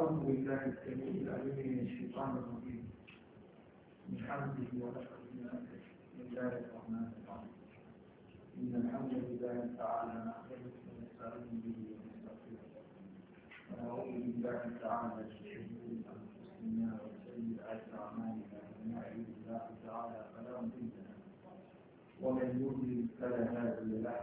أعوذ بالله السميع العليم من الشيطان الرجيم من حمده ونفخه ونفخه بسم الله الرحمن الرحيم إن الحمد لله تعالى نحمده ونستعين به ونستغفره ونعوذ بالله تعالى من شرور أنفسنا وسيئات أعمالنا من يهده الله تعالى فلا مضل له ومن يضلل فلا هادي له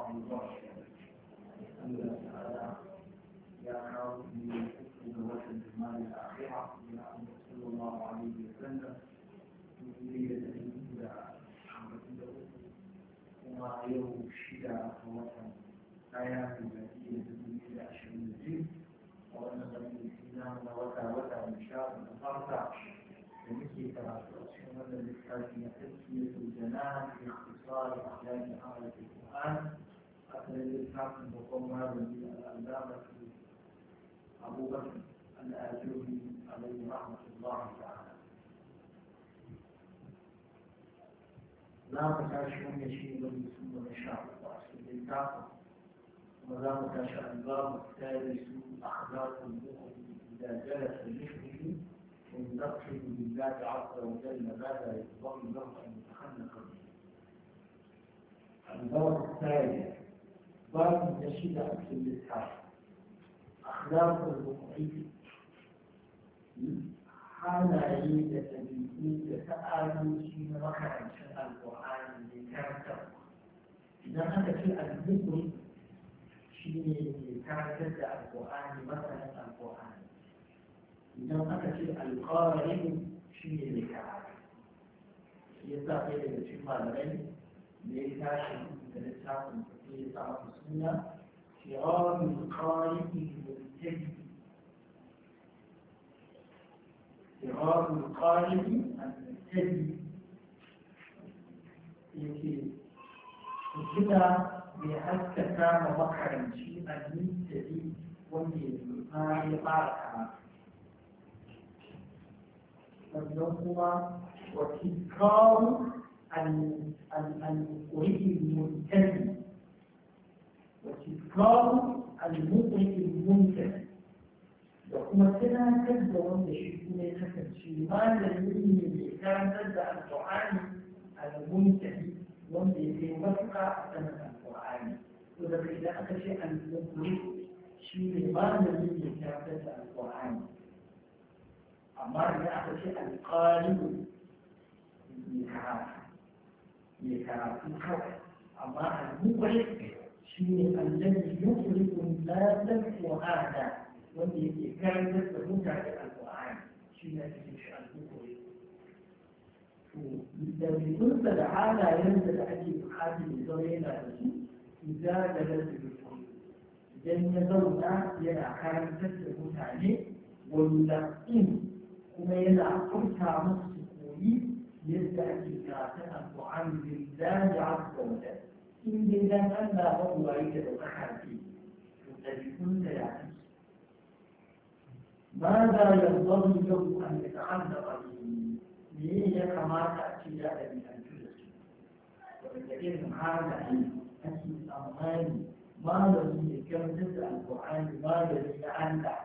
الله عن ظهر أن تعالى يعرف بحسن وجه المال الآخرة لأن صلى الله عليه وسلم يريد أن يبدع عبده وما يوم شدة وطن آيات التي يدل إلى عشرين جيل وأن بني سينان وتا وتا إن شاء الله فرطة ومثل تراثيون التي تسمية الجنان باختصار أحلام أهل القرآن littafin babban malami al'adama su abubakar al'ajobi alaihi rahmatullahi ta'ala za mu tashi wannan shi ne wani su da na sha uku a cikin littafin kuma za mu tashi albabu tare su akhlaqul mu'min idan jalasa yushriku من نقصه بالله عز وجل ماذا يتضمن له ان يتخلق به الدور الثالث اخبار نشيده في الاسلام اخلاق المحيط حالا يجد تبيين تتعلم في مواقع شرع القران من كارثه اذا انت في المسلم شيء كارثه القران مثلا القران اذا انت في القارئ شيء كارثه يستطيع ان يشوف da ya tashi da littafin da ya sa masa suna kiramin qari'i mubtadi kiramin qari'i mubtadi yake kira mai haskaka ma makaranci a mubtadi wanda ya ya fara kama sannan kuma wa tikawu المدرك المنتهي وتذكار المدرك المنتهي وكما كنا كذب وانت شفت من الحكم في ما لم يكن الإسلام تبدا ان تعاني المنتهي وانت يتوقع القرآن وإذا كنت أخشى أن تدرك شيء ما لم يكن الإسلام تعاني أما إذا أخشى القارئ من هذا mai karatu kawai amma al-mubarak shi ne allazi yukhrijul nasa qur'ana wanda yake karantar da mutane al-qur'ani shi ne ake shi al-mubarak to dabi'unsa da halayensa da ake buƙatar ya zama yana da su idan da nasu idan ya zauna yana karantar da mutane wanda in kuma yana furta musu koyi للتأكيدات عن بالله عز وجل إن بالله أن هو يجد أحد الذي كنت يعني ماذا ينبغي له أن يتعلق به؟ ليه كما تأتي لها من الجزء؟ وبالتالي هذا أتي الأمهاني ما الذي كم أن القرآن ما الذي عندك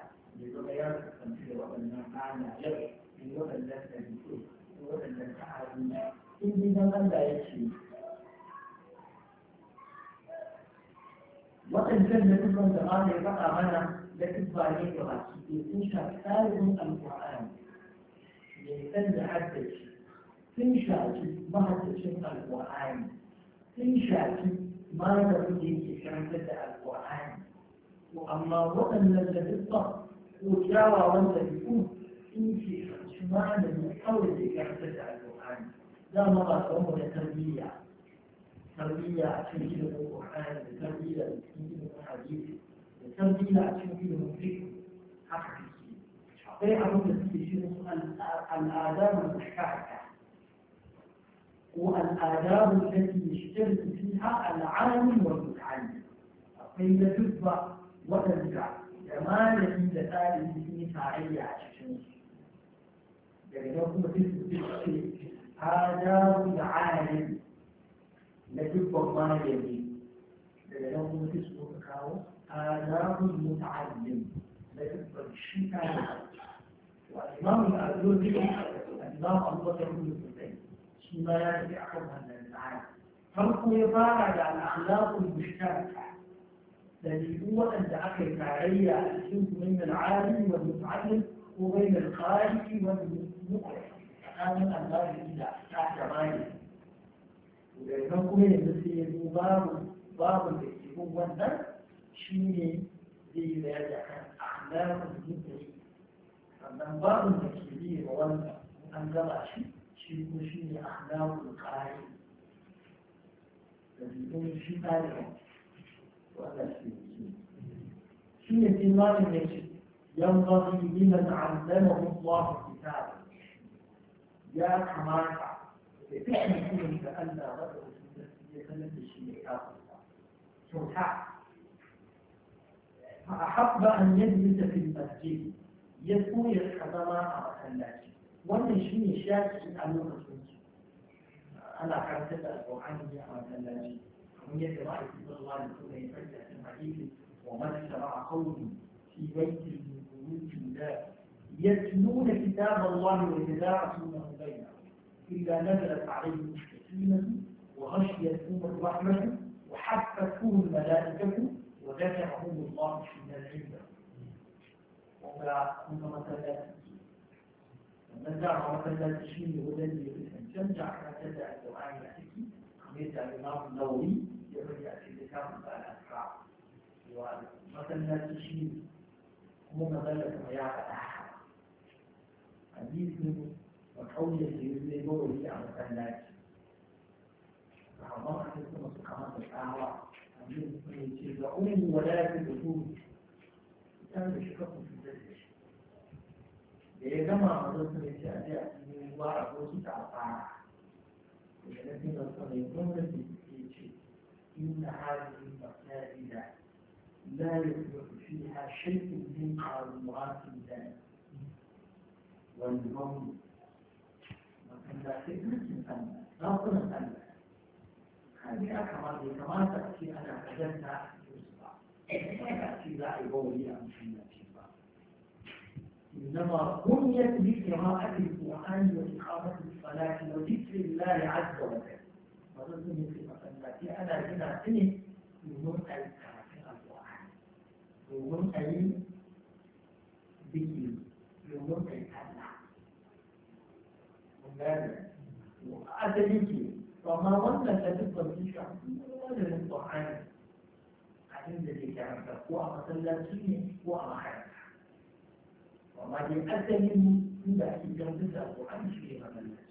لتغير التمثيل وأن عندك يغير من وأن لا 心心相关在一起。وإن كان لكم أن يقطع معنا لكن بعدين يقطع يتنشى ثالث من القرآن يتنى حتى تنشى ما تنشى القرآن تنشى ما تريد أن تنشى القرآن وأما وإن لم تقطع وجاوى وانت يقول تنشى شمالا من أول شيء يحدث على لا مرة أمور تربية تربية في علم القرآن تربية في علم الحديث تربية في علم الفكر حقا أعطي عمود في الآداب المحكاكة والآداب التي يشترك فيها العالم والمتعلم أعطي تتبع وتنزع جمال في ذاتي في تعالي عشان يعني لو كنت في آداب العالم لجب الله يلي يعني لو كنت في آداب المتعلم لجب الشيء والإمام الأردن الإمام أبو بكر بن الحسين ثم يأتي أحدها العالم فرق يطالع على الأخلاق المشتركة الذي هو أن أخي التعرية الشيخ من العالم والمتعلم وبين الخارج والمقر tsakanin albarin da ta gabani da kuma yanzu sai ya zo babu babu da ke bin wannan shi ne zai yi bayani a kan akhlaqul mutane sannan babu da ke bi ga wannan an gaba shi shi kuma shi ne akhlaqul qari da bidon shi ta ne wannan shi ne shi ne sai malamin ya ce ينبغي لمن علمه الله كتابا يا حماقه تحمل فيه كان رجل في نفسه يتلبس شيء اخر فاحب ان يجلس في المسجد يكون الحضارة على الناس وأن شيني شاك في الامور الخنسي انا كانت الروحانية يا الناس ومن يتبعي في الله لكل يفجأ في الحديث ومن اتبع قومي في بيت المسجد وجودا يتلون كتاب الله ويتدارسونه بينهم إلا نزلت عليهم السكينة وغشيتهم الرحمة وحفتهم الملائكة وذكرهم الله في من ومثلا وما مثلا نزع مثلا تشيني ولدي تنجع كتدا الدعاء يحكي قميت الإمام النووي يرجع في ذكر الأسرع ومثلا تشيني kuma maganar kuma ya faɗa hadisin wa kauye da yi zai gowa yi a masallaci sahabban a cikin masu kama da tsawa abin sun yi ce ga umu wala ya fi da su ita da shi kafin su da shi da ya gama mazan sun yi ce a je a cikin ruwa a ko su ta fara daga nan sun zama sun yi gwamnati ke ce inna hadin masajida la yusuf فيها شيء من قارورات الدم والبول وكان لا خدمة تسمى لا تسمى هذه أكبر كما تأتي أنا حدثتها تأتي لا يبولي أم إنما بنيت لقراءة القرآن وإقامة الصلاة وذكر الله عز وجل. وذكر مثل ما أنا domin a yi biki domin a yi kalla mun gane asali ke to amma wannan ta duk wani shafi wannan ƙwa'ani a inda ke karanta ko a masallaci ne ko a makaranta amma dai asalin inda ake karanta ƙwa'ani shi ne masallaci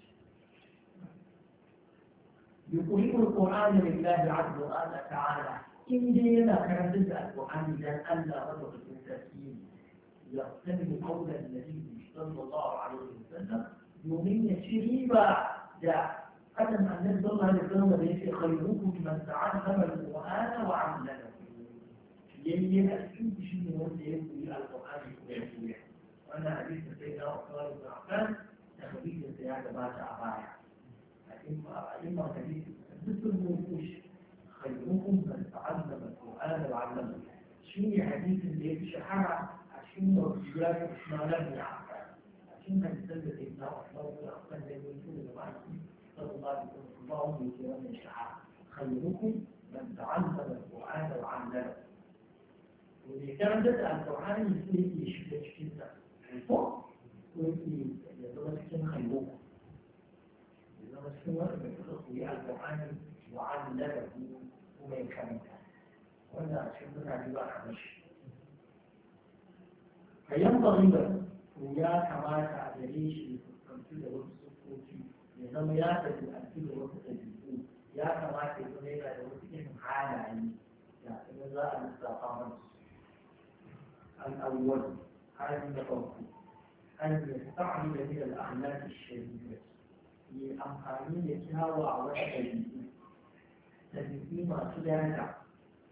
يقول القرآن لله عز وجل تعالى إن كانت كان تسأل عن إذا ألا رجل المساكين يقتنم قول النبي صلى الله عليه وسلم يومين شريبا دا قدم أن النبي صلى الله عليه وسلم ليس خيركم من تعلم القرآن وعلمه يلي أسلوب شنو هو اللي يقول القرآن ويقول وأنا حديث سيدنا عثمان بن عفان تخبيث السياده ما تعبايع لكن ما حديث مثل المنقوش خيركم من تعلم القرآن وعلمه شيني حديث اللي يمشي حرع عشان الرجال ما لم يعرف عشان ما يتزلت ابن عمر ويحسن لم يكون معكم صلى الله عليه وسلم اللهم يكرم الشعار خيركم من تعلم القرآن وعلمه واللي كان بدأ القرآن يصير يشبه كذا فوق ويصير يدرس كم خيركم إذا مسكين واحد إيه؟ القرآن وعلمه ومن كان ولا تشبه على الوحش أيام طويلة ويا كمان عدليش كمثل الوقت السكوتي لأنه يا تدل أن كل الوقت يا كمان تدل إلى الوقت إنه حالة يعني, يعني إن لا الاستقامة الأول هذا من قبل أن يستعمل من الأعمال الشريفة لأمكانية كهوة على الشريفة الذي ما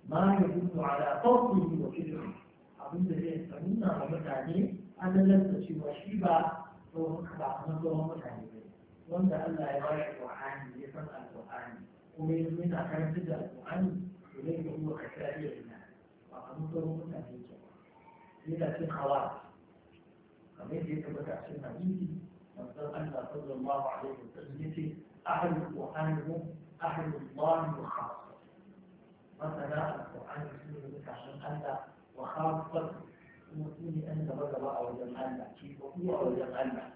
ما يدل على فضله وكبره أظن ذلك فمنا ومتعني أنا لم تشي وشيبا وهم كبع نظرهم متعني وأن الله يراجع القرآن يسمع القرآن ومن منا كان تدع القرآن إليه هو كفائي لنا وأنظرهم متعني إذا في خلاص فمن yadda ya tabbata a cikin hadisi manzon Allah sallallahu alaihi أهل الله وخاصة مثلا القرآن يسمي بك عشان أنت وخاصة يسمي أنت الله أو جمعنا كيف هو أو جمعنا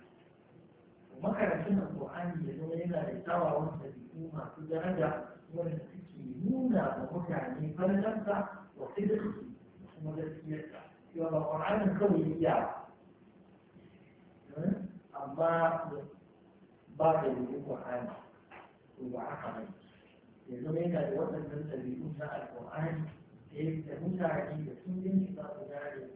ومكرتنا القرآن يدعو لنا للتوى والنبيين ما في درجة والمسكينون ومتعني فلنفع وصدقه ومدسيته يبقى القرآن الكوي إياه أما باقي القرآن وعقلا yanzu mai da waɗannan ɗabi'u na alƙur'ani da yadda mutane da sun yanki za su gane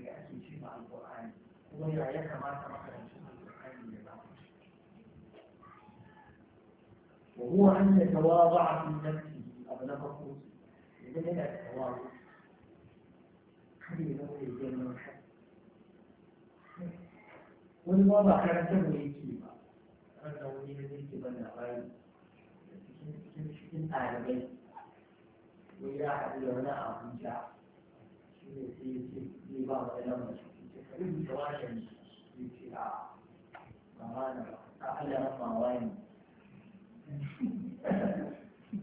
me ake ce ma alƙur'ani kuma ya ya kamata makarancin alƙur'ani ya zama wa huwa an ya tawaza a fi nafsi abu na farko yanzu mai da tawaza kada ya zama ya girman kai wani ma ba karantar da yake ba ran da wani ya zai ke ban labari cikin ɗalibai ko ya haɗu da wani abuja shi ne sai ya ce zai ba wani lambar shi ce ka rubuta wannan ya ce a mamana ta Allah rama wani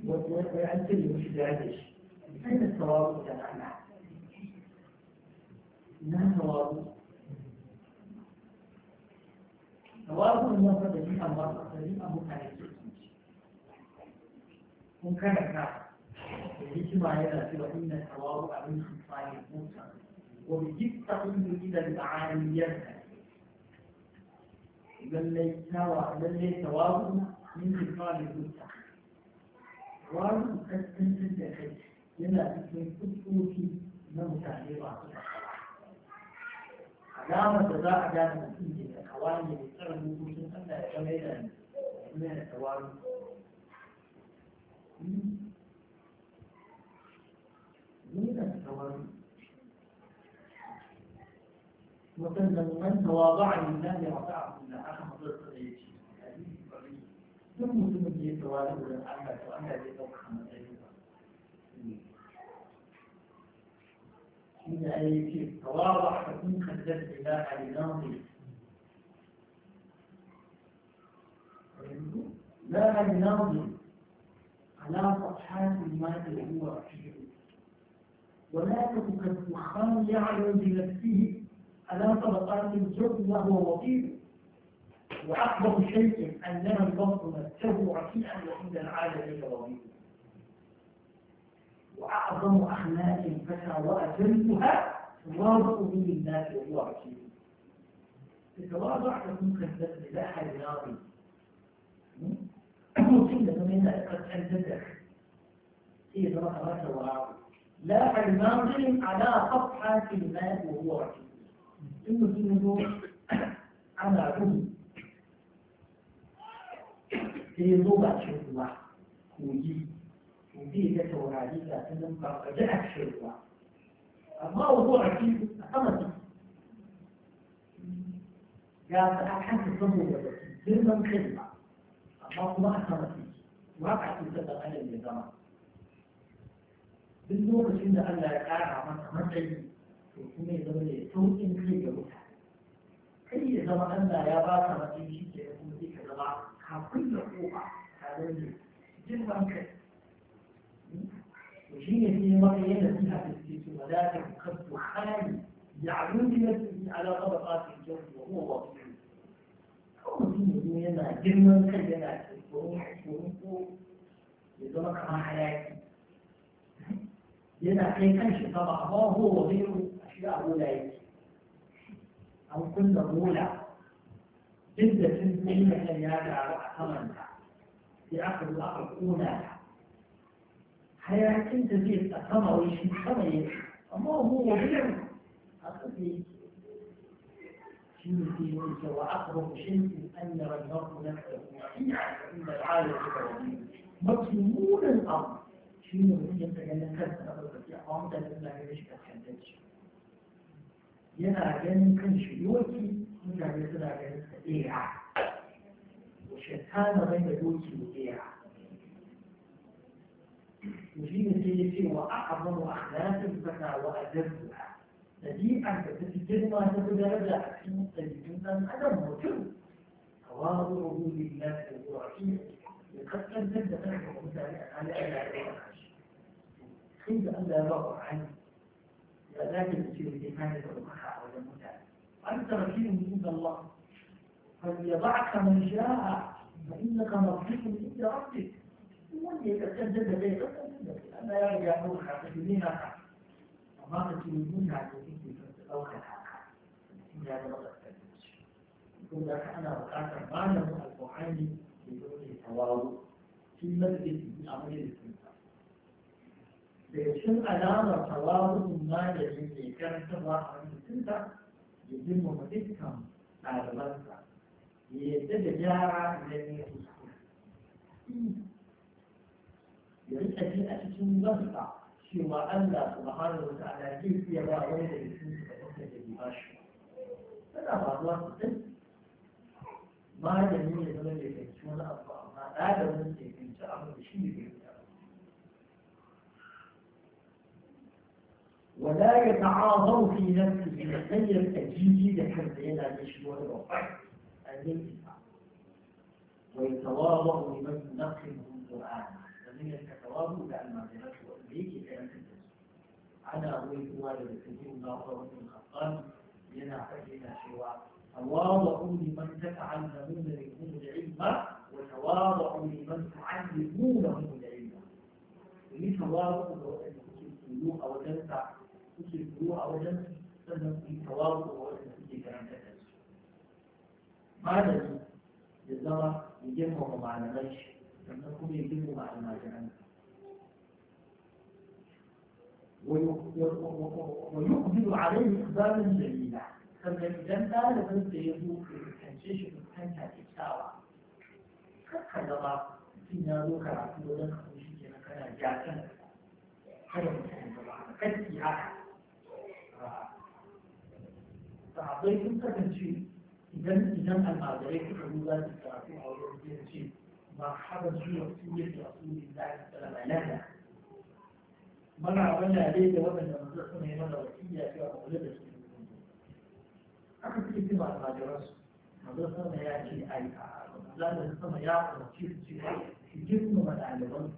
wata wata an ce yau shi da shi sai da sawabu da ana na sawabu sawabu ne wanda da shi kan ba su asali a mutane mun karanta da hikima yana cewa inna tawaru a min amfani musa wa bi jikta inda idan ta'aliyar lallai tawa lallai tawaru min amfani musa wani kaskancin da kai yana cikin kuskoki na mutane ba su alamar da za a gane mutum ke da kawai ne da tsarin hukuncin Allah ya kama yana da tawari من الثواب وكان من تواضع لله رفعه الله أخذ حضرتك يجي duk mutumin da ya tawara wurin Allah to Allah zai ɗauka matsayin ba. Shi ne ai yake tawara ka kun kaddar da za a yi nauyi. لا يناضل على صفحات الماء هو فيه ولكن قد الدخان يعلو بنفسه على طبقات الجب وهو وطيد وأكبر شيء أننا البطن نفسه رفيعا وعند العادة ليس وطيبا وأعظم أخلاق الفتى وأجلها تواضع به الناس وهو رشيد تتواضع تكون كالبذل لا رياضي معلوم جدا من الجزر في ذرة وعرض لاح الماضي على صفحة الماء وهو ركيب إنه في نزول على عمي في شرط الله كوجي وفي ذكر عليك أنهم رجعت شرطة أما وهو ركيب أقامت قال أحد الضمور بالمنخدمة مصلحة واقع في تتغير النظام بالنور عند الله يقارع من مثلي وكما يزمن يتوت إن كي يوتا كي يزمن أن لا يباك مثلي شيء يكون ذيك الضبع كل قوة هذا جنبا كي وشيء في مريم فيها تسكيت ولكن قد خالي يعلمني على طبقات الجو وهو وظيفة ko mutum yana girman kai yana tsoron ko ya zama kamar hayaki yana kai kanshi ta ba ba ho wa zai a shi a bola yake an kunna bola duk da sun tsaye da kan ya gaba a samanta sai aka zo aka kona ta hayakin da zai a sama wai shi sama yake amma ho wa zai a kasa yake شيخي منك وأقرب شيء أن يرى المرء نفسه وإنعك عند العالم مطلوب الأمر شنو هي تجنن كذا في عمدة الله يشك تحدث ينا جن كان شيوكي من جن يطلع جن سريعة وشتان يوتي دوتي وبيعة وشين سيدي وأعظم أخلاق الزكاة وأدبها ɗabi'ar da ta fi girma ta fi daraja a cikin ɗabi'un ɗan adam mutum tawazu ruhu lillahi da zuwa'i ya kaskantar da kanka ga mutane a halin da ya ɗaukaka shi kai da Allah ya ba Qur'ani ya zaka da cewa kai kana da ɗaukaka a wajen mutane an tarfi mu inda Allah فليضعك من شاء فإنك مرجوك عند ربك ومن يتكلم لديه أنا يرجع نور حقيقي amma ka ce nuna da take ta ɗaukar haka ya zama tsakkanci ko da ka ana buƙatar malamin alƙur'ani da zo ne tawawo shi lalbe a majalisin sa daga cikin alamar tawawun malamin ne karantarwa a majalisin sa ya girmama dukkan ɗalibansa ya yadda da gyara idan ya kuskure ya rika a cikin wasa cewa Allah subhanahu wa ta'ala zai iya ba wani da cikin su da kuka da ba shi tana faruwa sosai malami ya zama da fahimci wani abu amma ɗalibin da ya fahimci abu da shi ne bai ولا يتعاظم في نفسه غير التجيد لحد هنا يشبه الوقع الذي ويتواضع لمن نقله القرآن الذي يتواضع لأن ما da yake da yankin da su ana ruwaituwa daga cikin gawar wani kafan تواضعوا لمن تتعلمون منهم العلم وتواضعوا لمن تعلمونهم العلم في تواضع وأن تشركوا أو تنفع تشركوا أو تنفع في تواضع وأن تشركوا ماذا يجمع معلمين sannan kuma ya معنا a almajiransa ويقبل عليه إقبالا جيدا فمن جنة لمن سيذوق الحجيش من حنكة إبساوة كالحجة في نالوك العقل ولنك مشيك مكان الجاكن هذا مكان الله كالتي عاك فعضيك انت تنشي إذا إذا المعدريك حلولا تتعطي عوضي تنشي مرحبا جوا في وجه رسول الله صلى الله عليه وسلم muna wanda dai da waɗanda masu su ne mana wakiliya cewa a kula da su aka fi fi ba a su mazo sama ya ce a yi a zanen sama ya umarci su ce su girma ma ɗaliban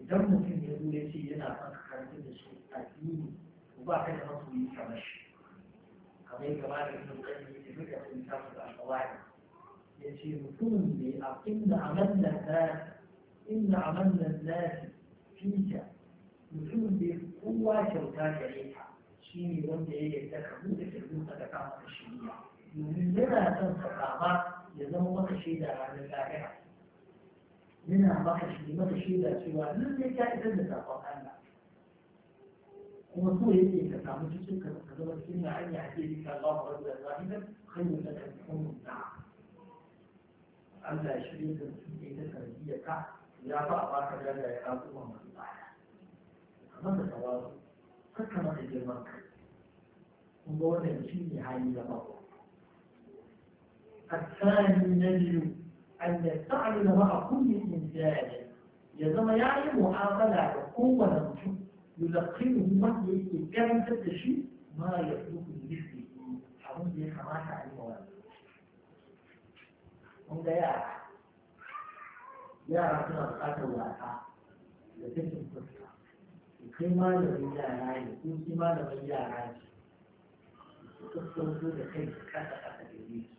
idan mutum ya zo ya ce yana son karfi da shi a dini to ba kai da masoyi kamar shi kamar yadda ba da yin ɗan yi da duka sun tafi da alƙawari ya ce mutumin ne a inda amannan nasi inda amannan nasi fika mutumin da ya kowa kyauta gare ta shi ne wanda ya yarda ka buɗe kirkin ka da kama ka shirya domin yana son ka kama ya zama maka shaida ranar lahira yana maka shi maka shaida cewa lallai ka isar da sakon Allah kuma so yake ka samu cikin ka ka zama cikin na hanya a cikin ka Allah wa rabbi zahidan khairu laka min ummi da Allah ya shirya da mutum da ya ka ya fa a baka dalla ya ka kuma mutum masa tawazu kakka masa girman ka kun ga الثاني نجد أن يستعمل مع كل إنسان يزم يعني معاملة قوة نمشي يلقنه من يتكلم تدشي ما يطلق لنفسه حرم دي حماسة عن مواد kai malamin yara ne ko shi malamin yara ne ka sauko da kai ka kasa kasa da yi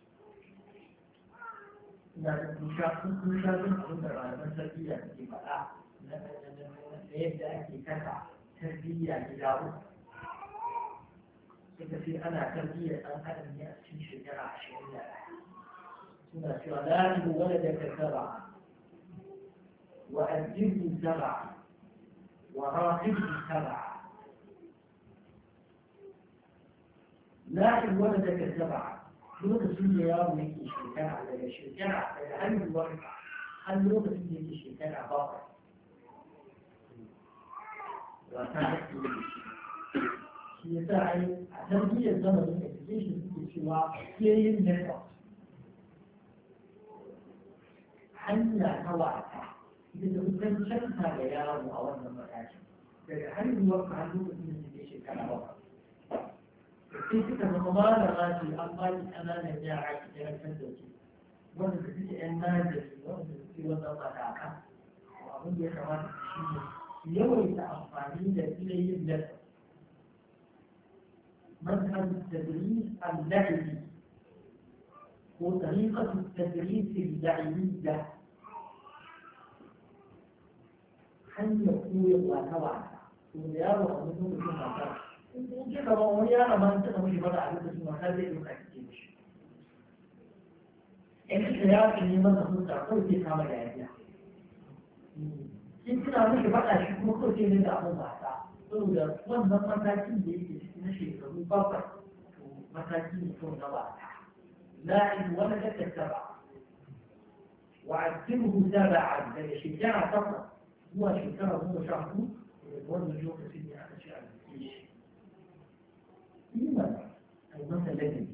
ina da kusha kun sha kun abin da malaman tarbiyya ke faɗa na yadda ake kasa tarbiyya gida uku suka ce ana tarbiyyar ɗan adam ne a cikin shekara ashirin da ɗaya suna cewa la yi wani da ka saba wa addini saba وراهب سبعة لكن ولدك سبعة لو تسمى يا ابنك الشركان على الشركان على هل الورقة هل لو تسمى الشركان عباقة في ساعي تنمية الزمن الاتفاقية في السواء في النقاط حنا نوعتها إذا كنت شكها ليارم أو أن المكاشف هل يوقع عنه من الشيء كما وقع كيف المبالغة في الأموال أمانة جاعة إلى الفلسفة ونزل المادة ونزل وضعها وأظن يتوانى يوم أفعالين إلى يبلغ مذهب التدريس اللعبي وطريقة التدريس اللعبية an ya koya wata wata to da yaro a mutum mutum wata in kika ba wani yaro ma ta kamar shi mata a lokacin wata zai yi ka kike mishi in kika yaro ne masa hutsa kawai zai kama da yabiya in kina mishi faɗa shi kuma kawai zai rinka abin wata saboda wannan matakin da yake na shekaru bakwai to mataki ne kawai na wata لاعب ولا تتبع وعذبه تبعا لان الشجاعه فقط zuwa shekara goma sha hudu wannan lokacin ne aka ce a zuke shi yi mana a yi masa ladabi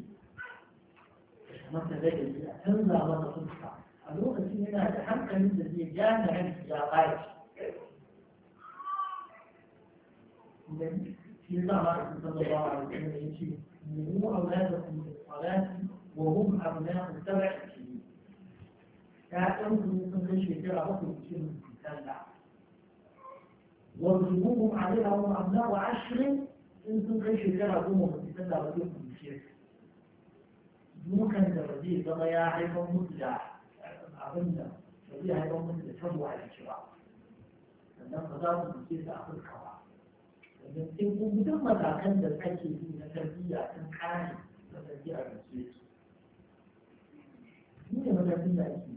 a masa ladabi a canza masa fuska a lokacin yana da hankalin da zai gane ranki ya bashi في بعض صلى الله عليه وسلم يشير نموا أولادكم بالصلاة وهم أبناء سبع سنين. يا أنتم من كل شيء ترى أخذ كل إنسان بعد. واضربوهم عليها وهم أبناء عشر انتم kai shekara goma ba su da wasu kunciye dukan da ba zai zama ya haifar musu da abin da ba zai haifar musu da tabo a jiki ba sannan ba za su fice su afirka ba domin sai kun duk matakan da kake yi na tarbiyya sun kare da tarbiyya da su yake ni ne matakin da ake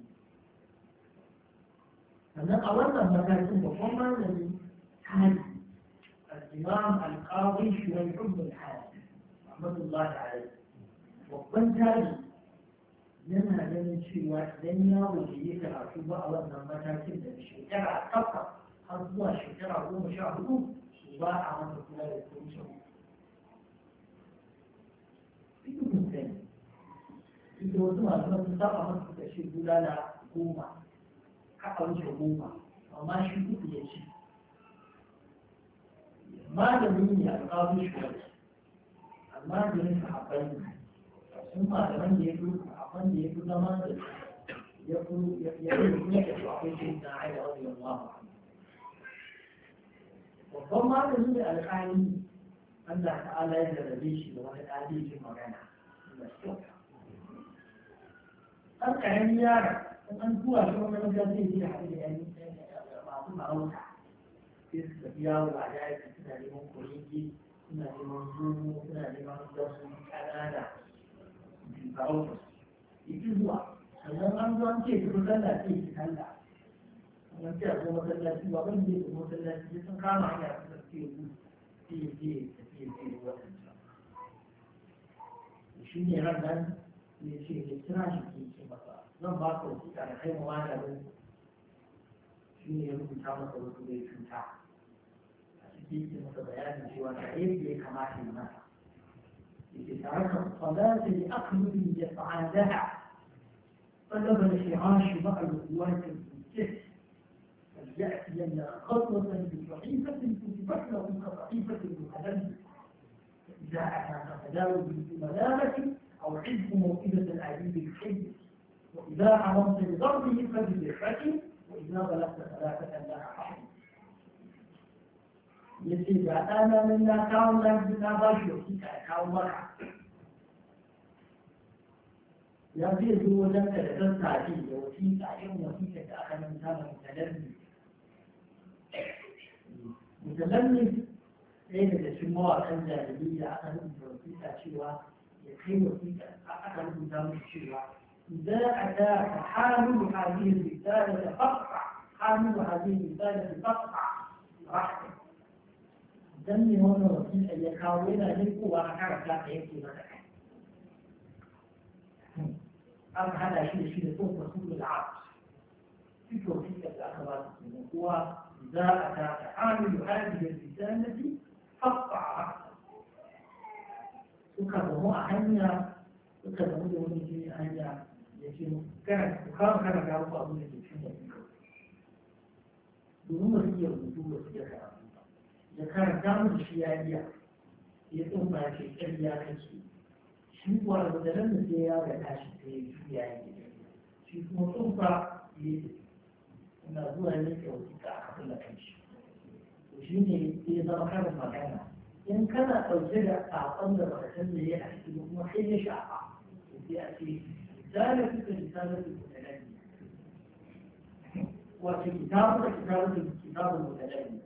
sannan a wannan matakin babban malami الحالي الإمام القاضي شريح بن الحالي رحمة الله عليه babban tari yana ganin cewa idan yaro da yi karatu ba a wannan matakin da shekara takwas har zuwa shekara goma sha hudu ba a masa kula da kuncin ilimin sani inda wasu masu masu saba masu kashe bulala goma ka a wuce goma amma shi uku ya ci malami ne a kawo shi amma da yin sahabbai sun malaman da ya fi sahabban da ya fi zama da ya fi ya fi ya fi akwai shi na aida wani yawa babban malami da alƙali Allah ta'ala ya jarabe shi da wani ɗalibin magana da kyau an ƙarami yara an zuwa shi wani wajen zai yi da hadin da masu marauta sai su tafi yawo a daji suna neman kurege suna neman zomo suna neman wasu ƙanana farautar su zuwa sannan an zo an ce su sallah ce su sallah an ce a zo masallaci ba ban je su masallaci sun kama hanya su tafi yanzu sai ya je ya tafi ya ce waɗancan shi ne ran nan ya ce ya kira shi ke ce masa zan ba ka wasiƙa da kai mawa da rubuta shi ne ya rubuta masa wasu bai cuta في متبعات في وعيد لكمات الناس لتتعرف الصلاة لأقرب يفعلها طلب الانحراش مع الوقوات المنتهى فليأتي لنا خطوة بصحيفة كتبت له كصحيفة المتلمس إذا أتاك تداول بملامة أو حزب موئبة العبيد الحي وإذا عرضت لضربه فبالرفة وإذا بلغت ثلاثة لا أحد ya ce ga ɗana nan na kawo nan na ba shi wasiƙa ya kawo maka ya zai zo wajen ka da sassafe da wasiƙa irin wasiƙa da aka nan ta mai talalli mutalalli ɗaya daga cikin mawaƙan jahiliya aka rubuta wasiƙa cewa ya kai wasiƙa aka rubuta musu cewa إذا أتاك حامل هذه الرسالة فاقطع حامل هذه الرسالة فاقطع رحمك dan ne wannan wasu da ya kawo yana likowa a karanta da yake mata kai an hada shi da shi da tsohon wasu da abu fito fitar da aka ba su kenan kuwa za a ta ta'amilu hadiyar risalati haƙƙa a haƙƙa suka zama a hanya suka zama da wani jini a hanya ya ce kana ku kawo kana ga abu da ke cikin da domin ba su iya rubutu ba su iya karatu يكار دامن شيائية يتوم باكي كريا كي شو هو المدلن ديا وكاش في شيائية شو مطوم با يتوم نازو هنك وكيكا أخلا كيش وشيني إذا ما كانت مكانا إن كان أوزيرا أعطان لبعثان لي أحسن مخيني شعبا يأتي ذلك في كتابة المتلاني وفي كتابة كتابة المتلاني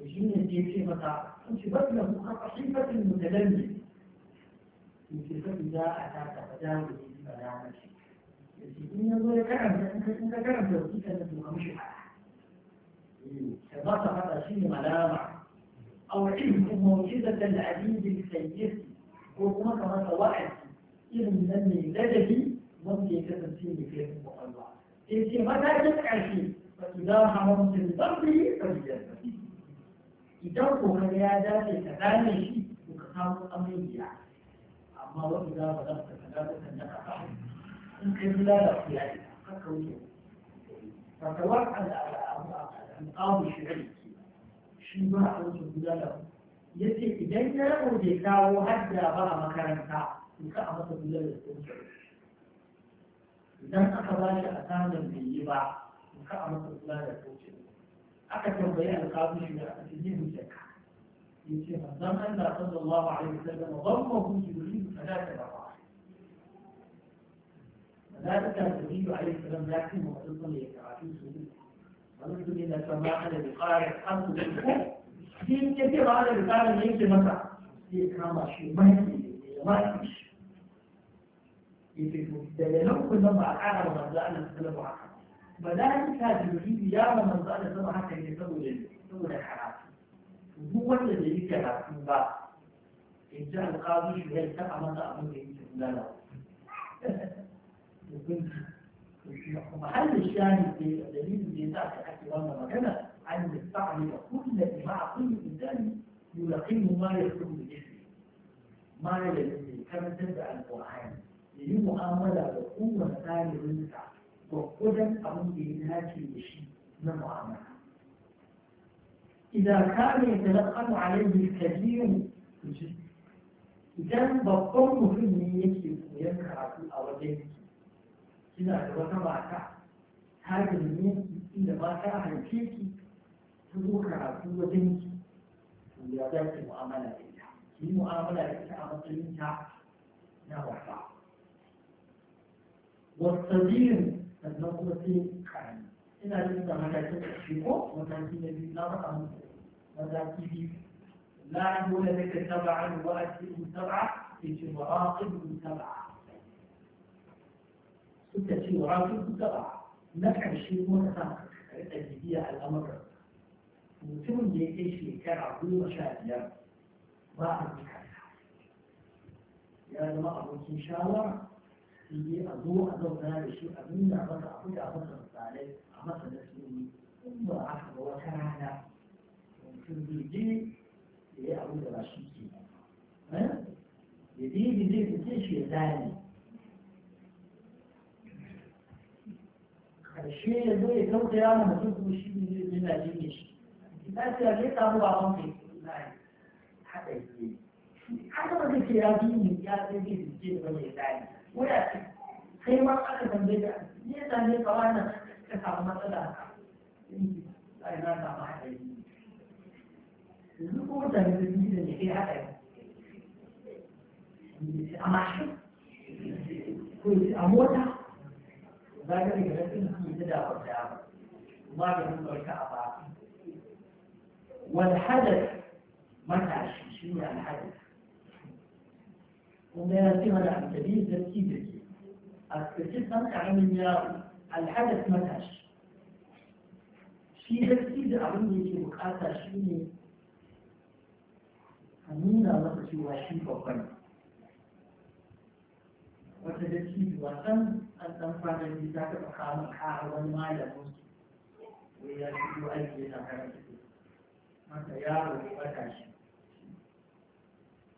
وشين يجيب شيء متاع كتبت له صحيفة متدلل من تلك إذا أتاك فداوي فلا شيء يجيبون يقول كرم أنت كرم توصيك أنت مخمش حراسة هذا شيء ملامع أو علم موجودة العديد السيد وكما كما توعد إلم من لدبي ممكن كتنسيني في المقلوع إنتي ما تجد كعشي فإذا حمرت الضرب فليجد idan kuma ya dace ka gane shi to ka samu aminiya amma wani za ba za ka kada ka da ka in kai bula da ku ya yi haka wuce fatawar al'amu shirin shi shi ne ba a wuce bula da ku ya ce idan ya rabu bai kawo hajja ba a makaranta to ka a masa bula da ku idan aka ba shi a samun bai yi ba to ka a masa bula da ku aka tambayi alƙabu shi da addinin zakka yace manzon Allah sallallahu alaihi wasallam dhammahu jibril salata ba ذلك النبي عليه السلام لكن مخصوصا لكراهته ونقول إذا سمع على بقارئ خمس منهم دين كثير على بقارئ ليس مكة دين كما شيء ما يمشي ما يمشي يفكر دلالهم كلهم على العالم وزعنا السلام عليكم ba za ka ta jirgi ya ma manzo Allah sama haka ne saboda saboda karatu duk wanda da yi karatu ba in ji alƙazu shi ya ta amsa abin da yake lalawa kuma har da shani da dalilin da ya sa aka ake wannan magana an da sa'ani da kullu ma'a kullu insani يلقنه ما يكون بجسمه ما يلقنه كما تبدا القران يجب معامله بقوه ثانيه من تعطيه وقدم أبن بإنهاك الشيء من معاملة إذا كان يتلقى عليه الكثير إذا بقوم مهم النية ويكرع في أولين إذا وتبعك هذا النية إذا ما كان هيكيك تذكر في وزنك ويادات المعاملة إليها في معاملة إليها مطلبينها نوعها والصديق sannan kuma sai karami ina yin da matakin ƙarshe ko mataki na biyu na faɗa muku mataki biyu لا أقول لك سبعا وأسئل سبعة يجب وراقب سبعة ستة شيء وراقب سبعة نفع الشيء متفق الجدية على الأمر mutumin da ya kai shekara goma sha biyar ba a yi ya zama abokin shawara sai dai a zo a zauna da shi a nuna masa a buga masa misalai a masa nasiri in ba haka ba wata rana mutum zai je ya yi abu da ba shi ke eh? ya je ya je ya ce shi ya zane karshe ya zo ya kauta ya mutum kuma shi ne zai yana jini shi Na ce ya samu ba wanda ya ke ya haɗa ya je haka ba zai ce ya jini ya zai zai zai zai zai zai ولكن خير ما قلت من بيجا ليس أن يطلعنا كثر ما تدعنا أين أنت ما حيث الزكور تهي بالجيد اللي فيها أيضا أما حيث كل أموتا ذاك اللي قلت إنه في تدعوا الزعب ما قلت لك أبعاد والحدث ما تعشي شنو الحدث وما يصير على الكبير ذاتي ذاتي أكثر سنة عمي يا الحدث ما تاش في ذاتي ذاتي عمي يتي وقاتا شويني أمينا نفسي واشي فوقنا وتدتي بوطن أنتم فاجر بذاك بخام الحاعة والمعي لبوس ويأتي بأيدينا هذا ما تيار وقاتا شويني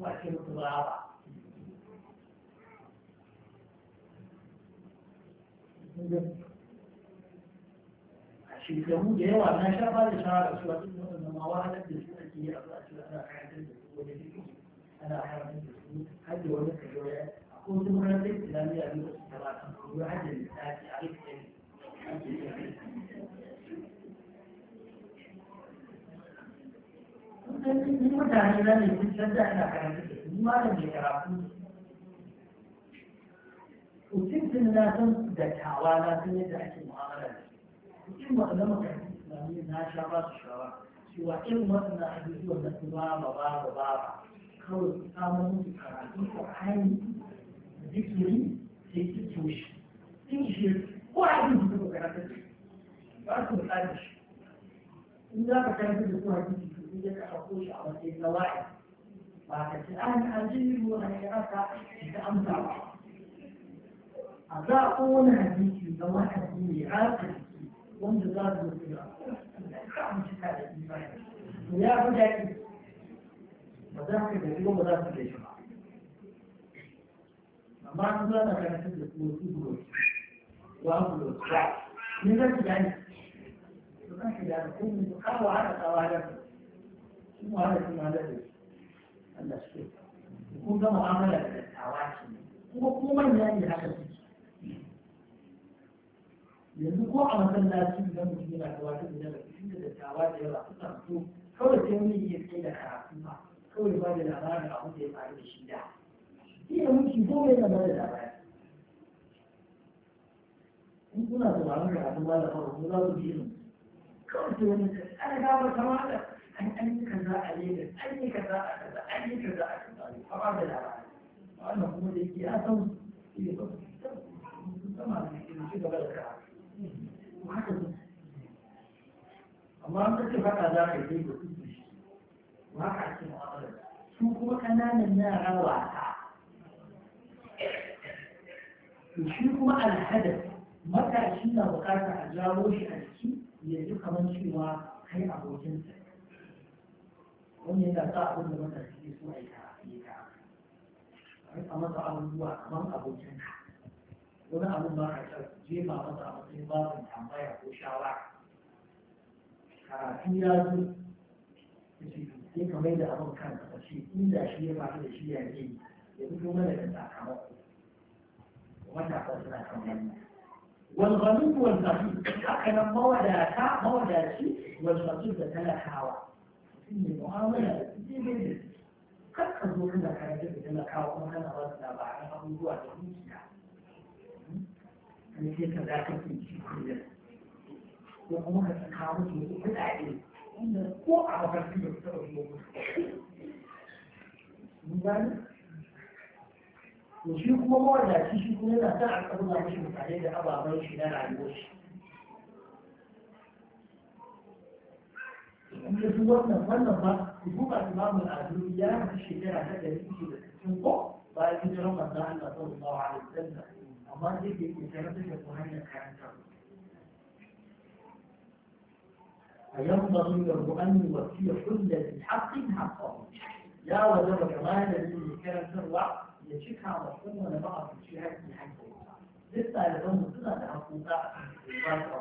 وأكلة الغرابة shekaru da yawa na sha ba da shahara su wata nuna ma wahalar da su ake yi a ba su ana haifar da su wani jiki ana haifar da su har da wani kajo ya ko su mura da islamiyya da su ta ba kan kuma har da lissafi a rikin mutane na ne sun canza ana malam mai karatu mutum na san dattawa na san yadda ake mu'amala da su in ba zama ka islami na sha ba su shawara cewa irin waɗannan abubuwan da su ba ba ba ba ba kawai su samu musu karatu ko ainihin zikiri sai su toshe in shi ko abin da suka karanta ba su buƙatar shi in za ka karanta da su hadisi to sai ka ɗauko shi a matsayin nawa'i بعد الآن أجيب غيرك بأمر أضاءون هديك لما هديني عاقلك وانتظار مثيرا يا بجاك مذاك اليوم مذاك اليوم ما أنزل أنا كان في الوصول وأقول من ذلك يعني من ذلك يعني كل من قالوا على قواعد ثم هذا ثم هذا 现在睡觉，工资么？他们两万几，工工龄年底还是，也是过万分的，平均工资一百多万，最低的平均的两了，不算多。扣的经济一是一点啊，扣一块钱，那那了不起，那是天价。你怎么几多块钱能得两万？工资那是完事了，他妈的，我我都是第一。扣的经济，哎，家伙他妈的！أن أني كذا عليك أني كذا كذا أني كذا كذا فما بلا وأنا أقول لك يا توس في تمام كذا بلا وهكذا amma an kace haka za ka yi da kuɗi ba ka ce su kuma ƙananan yara wasa to shi kuma alhadar matashi na buƙatar a jawo shi a ciki ya ji kamar cewa kai abokinsa 我们那大，我们那在西边一下一下，俺们他妈大五十他妈可不简单。我们那他妈还是，一般他妈大五十万，他妈也不少了。啊，一年，就是你可没在俺们看怎么去，你在西边还得去联系，也不说那个人了。然我下回就在上班呢。我我路过那里，看到保安在看，保安在去，我直接就跟他跑了。ne mu'amala da su ne da su kar ka zo kana karanta da talakawa kuma kana ba su labaran abubuwa da zuciya ne sai ka za ka fi ci ko kuma ka saka musu wasu kuɗaɗe wanda ko a mafarki da su taɓa zuwa musu to shi kuma mawadaci shi kuma yana sa a ƙarfafa mashi mutane da ababen shi na rayuwar shi in ya zo wannan wannan ba ku duba imamu al'adu ya rasu shekara ta ɗari uku da sittin ko bayan hijiran manzon Allah sallallahu alaihi wasallam amma zai ke kokarin da ku hanyar karanta فينبغي له أن يوفي كل ذي حق حقه يا وجب كمال الذي كان سرع يشكى مفهوم لبعض الشهاد في حقه لسه يظن سنة حقوقها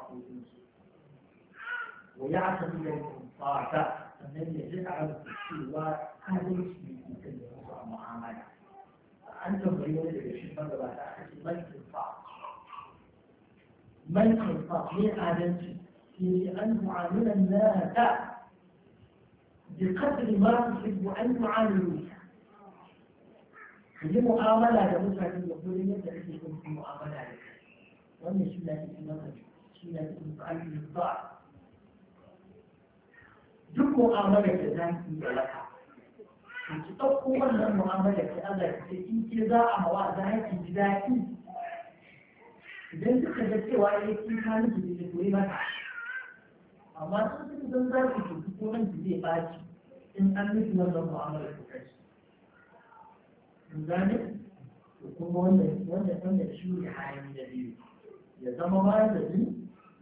ويعتمد الحكم طاعته sannan ya ji a cewa adalci ne mutum da wasu a mu'amala an tambayi wani daga shi magabata aka ce man kirfa man kirfa ne adalci في أن تعامل الناس بقدر ما تحب أن تعاملوك في معاملة لمسعد يقول لي أنت في معاملة لك وأن شلة الإمام شلة المتعلم الضعف duk mu'amalar da za ki yi alaka ki ɗauko wannan mu'amalar ki Allah ki ce ki za a mawa za ki ji daɗi idan kika ga cewa ya eh, ki ka miki da koyi mata amma sun sun san za ki ki ko nan ki zai baci in an miki wannan mu'amalar ki kai kun gane to kuma wannan wannan wannan shi ne da biyu ya zama ni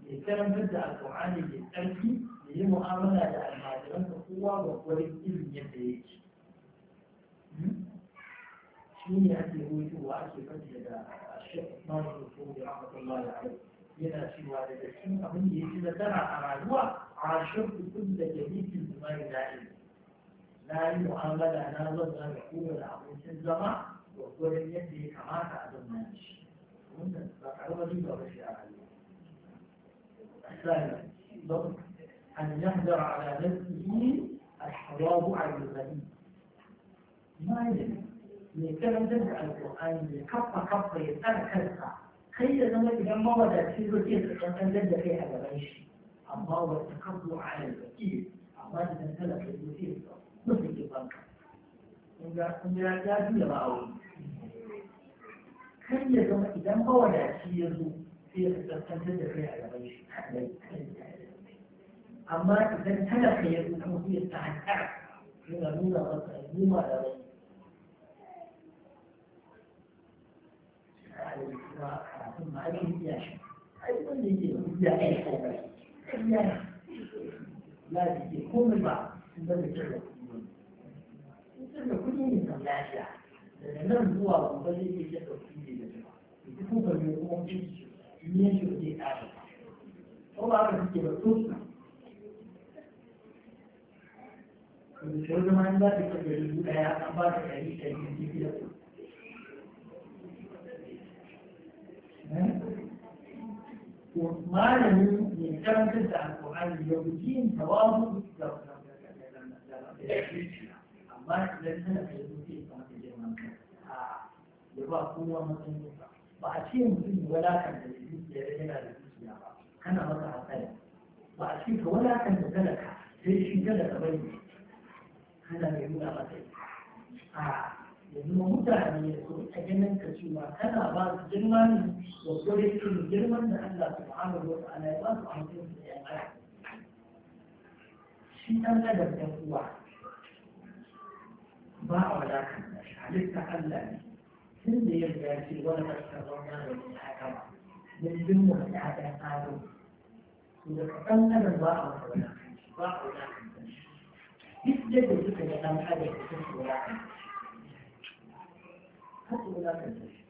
ya karantar da alƙur'ani da tsarki yi mu'amala da almajiran da kowa ga kwarin irin yadda yake shi ne ake rubutuwa ake fashi da shek Usman Rufo da rahmatullahi alaihi yana cewa daga cikin abin da ya ci nasara a rayuwa a shirku kun da jami'in zumari da'in na yi mu'amala na zan da kowane abincin zama da gwarin yadda ya kamata a zama shi wannan ba karamar riba ba shi a rayuwa. أن يحذر على نفسه الحواب على الغني ما يجب يتكلم على القرآن يكفى كفى يتكلم كفى خير زمان إذا ما بدأ في الوكيل القرآن لدى هذا بغيش أما هو التكفل على الوكيل أما إذا سلك الوكيل مثل يبقى إن لا تجد رأوي خير زمان إذا ما بدأ في الوكيل القرآن لدى فيها بغيش 俺们那天天去，就是去山下，那个那个什么，你忘了？哎，你说，俺们还去捏，还去捏，捏去了，捏去了，那结婚的吧，那都是，那都是不仅仅是捏去啊，那不啊，我这些些都去的，是吧？你不说，我们去捏去的，俺们，我玩的是几个都是。da sai zama in za ka ce da dubu ɗaya an ba ka ɗari ɗari da biyu da ku malamin mai karantar da alƙur'ani ya guji yin tawazu da amma idan tana da yanzu zai ba ka girman kai a ya ba kowa matsayin ba ba a ce mutum ya walakan da zuciya yana da zuciya ba kana masa hasaya ba a ce ka walakan da talaka sai shi talaka bai ne kana mai nuna masa a yanzu mutane da su a ganin ka cewa kana ba su girma ne da gurin girman da Allah subhanahu wa ta'ala ya ba su amfani mutum da yan shi ɗan adam ɗan uwa ba a wadata shi halitta Allah ne tun da yadda ya ce wani ƙasar wannan da ya haka ba don jin wani ya ɗan tsaro to daga ɗan adam ba a wadata ba a wadata duk da suka ga ɗan adam sun tsora har su wulaƙanta shi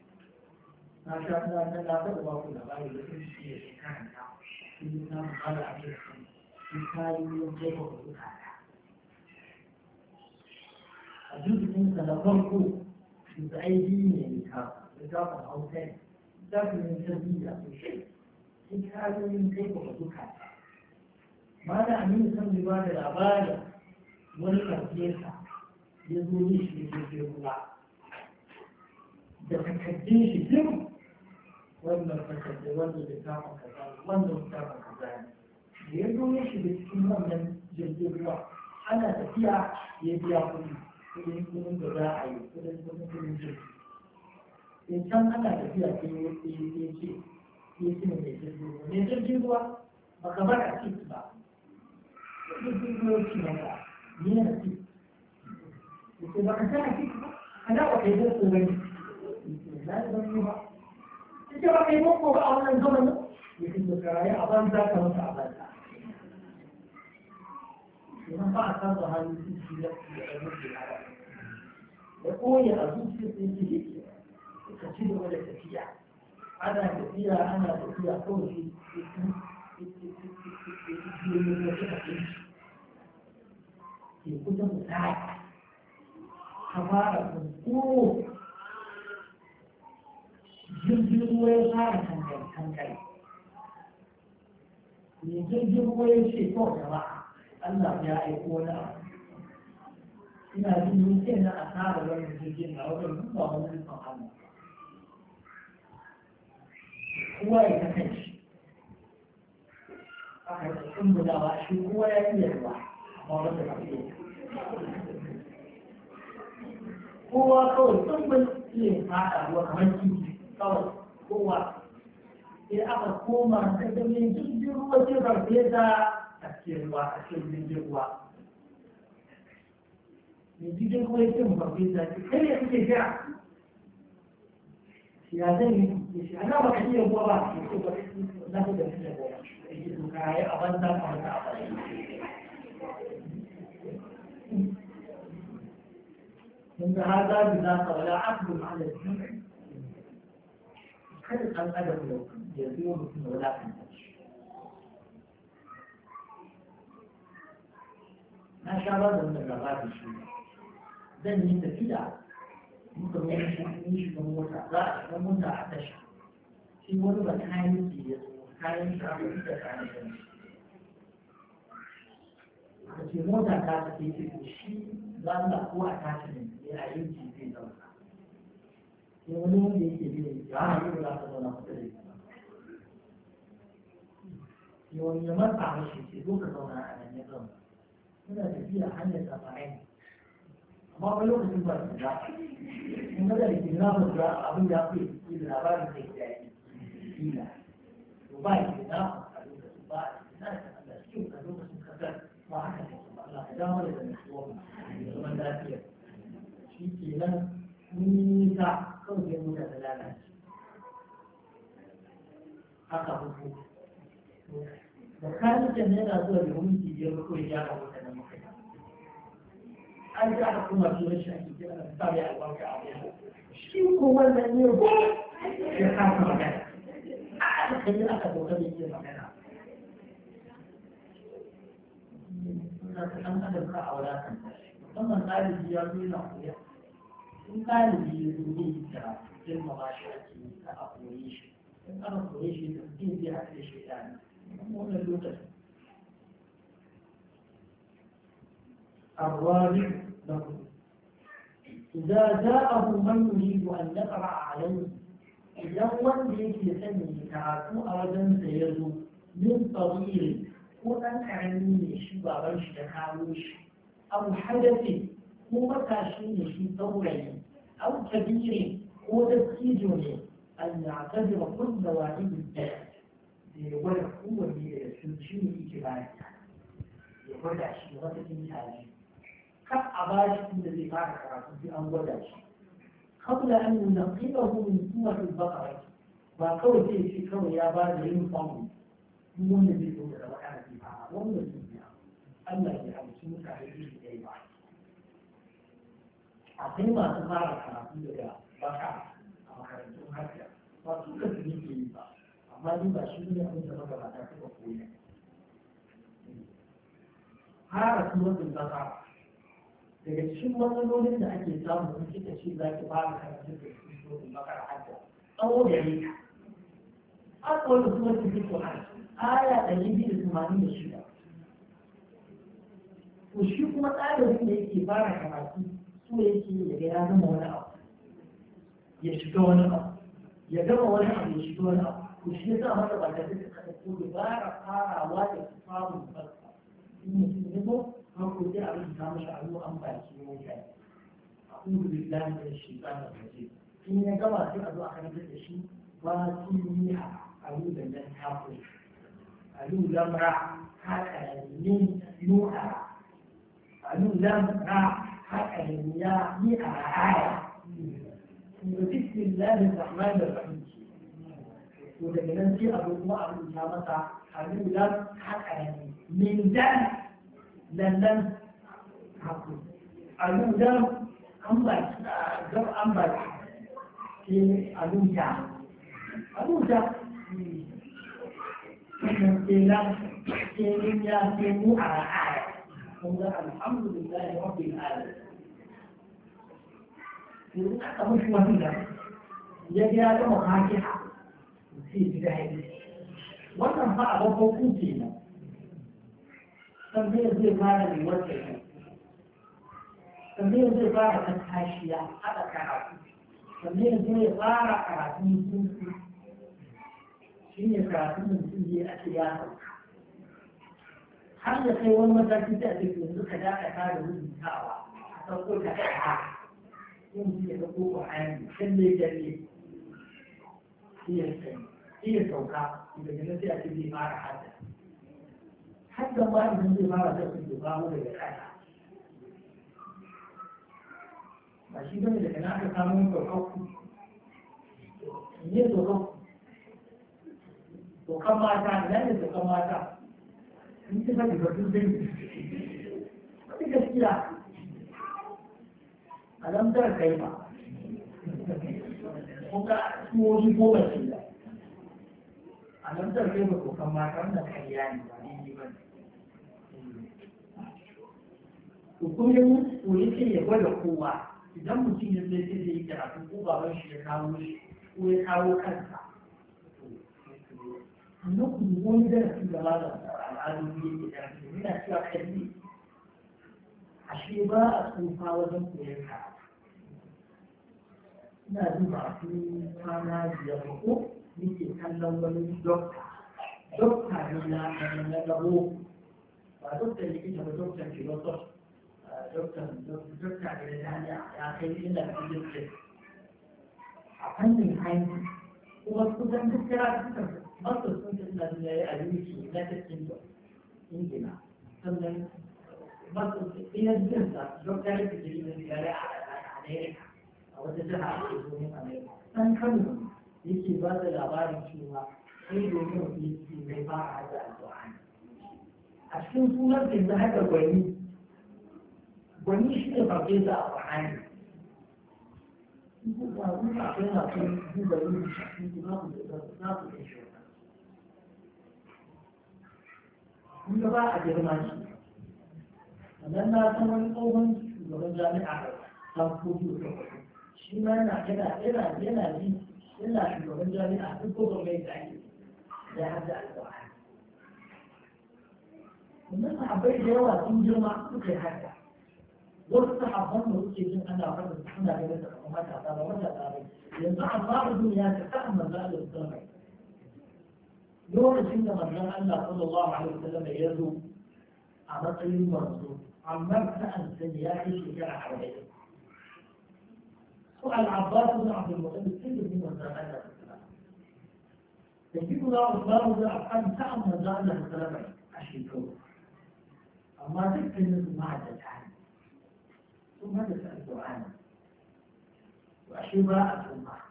na sha kuma na na faɗa ba labari da sun shi ya ta sun yi samun bala a kai sun sun kayi yin jefa ku duka a jirgin sa na farko su ta aiki ne ne ka da zafin hausa ne zafin yin sarki da sosai sun kayi yin jefa ku duka ma da aminu san ba da labarin wani farfesa ya zo mishi da jirgin ruwa da takardun shi duk wannan takardun wannan da kama kaza wannan kama kaza ne da ya zo mishi da cikin wannan jirgin ruwa ana tafiya ya biya kuɗi kuɗin kuɗin da za a yi kuɗin kuɗin kuɗin jirgi in can ana tafiya sai ya ce ya ce ya ce mai jirgin ruwa mai jirgin ruwa baka bar a ciki ba da jirgin ruwa ci ba. مين انا فيه يبقى انسان فيه انا وكيفكم بين لازم يبقى انت بقى يمكوا بقى ولا الزمن ده يمكن ذكريات عبان ذاك مش عبان ذاك ومن بعد فرض هذه الجزئية يقول يا أبو في الجزئية كثير ولا كثير أنا كثير أنا كثير قولي ke kusa mu ka fara kuskuro jirgin ruwa ya fara kankare kankare ne jirgin ruwa ya ce kawai gaba Allah ya aiko wani abu ina jin mun ce wannan jirgin na wajen duba wani rufin Allah kowa ya kasance a harkokin gudawa shi kowa ya iya ruwa kowa kawai sun ban iya fada wa kamar kawai kowa sai aka koma ta gamin jirgin ruwa sai farfe a cikin ruwa a cikin jirgin ruwa mai jirgin ruwa ya ce mu farfe ce kai ya suke jira ya zan yi ya ana iya ruwa ba ya ce ba na ku da da ya ce to kaya a banza kamar ta فهذا بذاك ولا عقل على الجمع خلق الأدب لو في ولا ما شاء الله من الرغبات الشيء زين من تفيدة ممكن يمشي يمشي بموسع لا بموسع حتى في مرور كان يجي كان يشرب كذا في موسع كان في الشيء za a ko a tashi ne a yanki zai zauna sai wani wanda yake bin ya hana yi ba za ta zauna kusa da ita sai wani ya matsa mashi sai zo ka zauna a nan ya zauna suna tafiya hanyar tsafarai amma wani lokacin ba su da in kada da ke namu da abin da aka yi da labarin da ya yi kila to ba ya ke namu a lokacin ba a cikin Allah cikin a lokacin kasar ba haka ne ba Allah ya dawo da zama 来点，起底呢？你啥后勤工作都来呢？他搞不熟。我看你现在的是有几件回家了，我才能买。俺家的工呢只能选一件，上面我讲的，辛苦万万有功，也干上了，还是肯定在部队里上班了。嗯，那他能干得了？ثم قال لي يا إن قال لي يومي في المغاشرة كا أقوليش إن أنا أقوليش يتبقين بها كل شيء ثاني أقول له الرابع إذا جاءه من يريد أن يقرأ عليه يوم بيتي سنه كعاكو أردا سيزو من طويل كون أن أعني شبابا أو حدث هو تاشين في طوعي أو كبير هو تسجيجني أن نعتبر كل واحد الداخل ولو هو بسجين الإجبار يقول شيء من هذه كأباش من اللي فارق في أنوضع شيء قبل أن نقيمه من قوة البقرة ما قوي في فكرة يا بعد ينفهم من الذي يقول على وكان في فعل ومن الذي يعمل الله يعمل سمك akwai masu fara karatu daga baka a makarantun hajja ba su ka su ke yi ba amma ni ba shi ne abin da ta suka koya fara suratul baka daga cikin matsalolin da ake samu sun kika ce za ki fara karatu da su baka hajja tsawo da ne a tsawo da kuma cikin Qur'an aya ɗari biyu da tamanin da shida to shi kuma tsarin da yake fara karatu so yake daga ya gama wani abu ya shiga wani abu ya gama wani abu ya shiga wani abu to shi yasa masa ba da duka kada ko da bara farawa da samun farko in mutum ya zo farko sai a rubuta mashi a ruwan baki ne ya yi أعوذ بالله من الشيطان الرجيم إن جمع في أدعاء خلفة الشيء واتنيها أعوذ بالله حافظ أعوذ لم رع هكذا من نوع أعوذ لم رع حكم يا مئة آية بسم الله الرحمن الرحيم ودك ننسي أبو الله أبو جامعة أبو لم حكم من ذلك لن حكم أبو لم أمبر جب أمبر في أبو جامعة أبو جامعة Kemudian, kemudian, kemudian, نقول الحمد لله رب العالمين in aka mutu wannan ya ya gama fatiha sai ji da haini wannan fa a babban kuke na sannan zai fara ne wata yi sannan zai fara kan tashiya haɗa karatu sannan zai fara karatun sunsu shi ne karatun mutum ne a ce ya sauka har da kai wani mataki da ake yanzu ka dakata da rubutawa a sauko ta kaya yin ya dauko ƙwa'ani kan ne gare iya sani iya sauka daga nan sai a ce zai fara hadda hadda ma idan zai fara da su ba mu daga kasa ba shi bane daga na aka samu saukakku ne saukakku saukan mata ina ne saukan mata in ta ba zai wani gaskiya a lamtar kai ba kuka su wasu goma ba da a lamtar kai ba kokan mata wannan kariya ne ba ne ba hukumin koyi ce ya gwada kowa idan mutum ya zai zai yi karatu ko baban shi ya kawo shi ko ya kawo kansa نقل وندر في بلاد العالمية من أشياء كثيرة أشياء أسوفها وزنكوها na zuba su kwana biyar ko nake kallon wani dokta dokta ne na na gabo ba dokta likita ba dokta filosof dokta dokta ne na ne ya kai ina da dokta a fannin hanyar kuma kusan duk kira dukkan مصر sun ta suna duniya ya abinci united kingdom ingila sannan masu ɗinan jinsa don kare ta jirgin yare a amerika a wata jiha a ke domin amerika ɗan kano yake ba da labarin cewa sai domin wani yake mai ba a hada alƙur'ani a cikin sunan da yanzu haka gwani gwani shi ne farfe da alƙur'ani Ibu ba wani akwai masu duba yin shi, ibu ba ku da shi. kun ba a girma shi sannan na san wani tsohon shugaban jami'a ta kofi da shi ma yana yana yana yana yi yana shugaban jami'a duk kogon mai da ake da hada alƙawari sannan sahabbai da yawa sun girma suka yi haka wasu sahabban da suke jin ana fara suna ganin da kuma ta ba ta ba yanzu amma a duniya ta kan manzo Allah sallallahu alaihi يونس انما جاء ان صلى الله عليه وسلم يده على قليل مرسول عمرت ان تنياكي شجاع عليه سؤال عباس بن عبد المطلب كيف يكون زمان تجد الله عباس بن عبد المطلب كم تعمل زمان السلام عليكم أما تكفي ما عدا تعالى ثم تسأل عنه وأشباء الله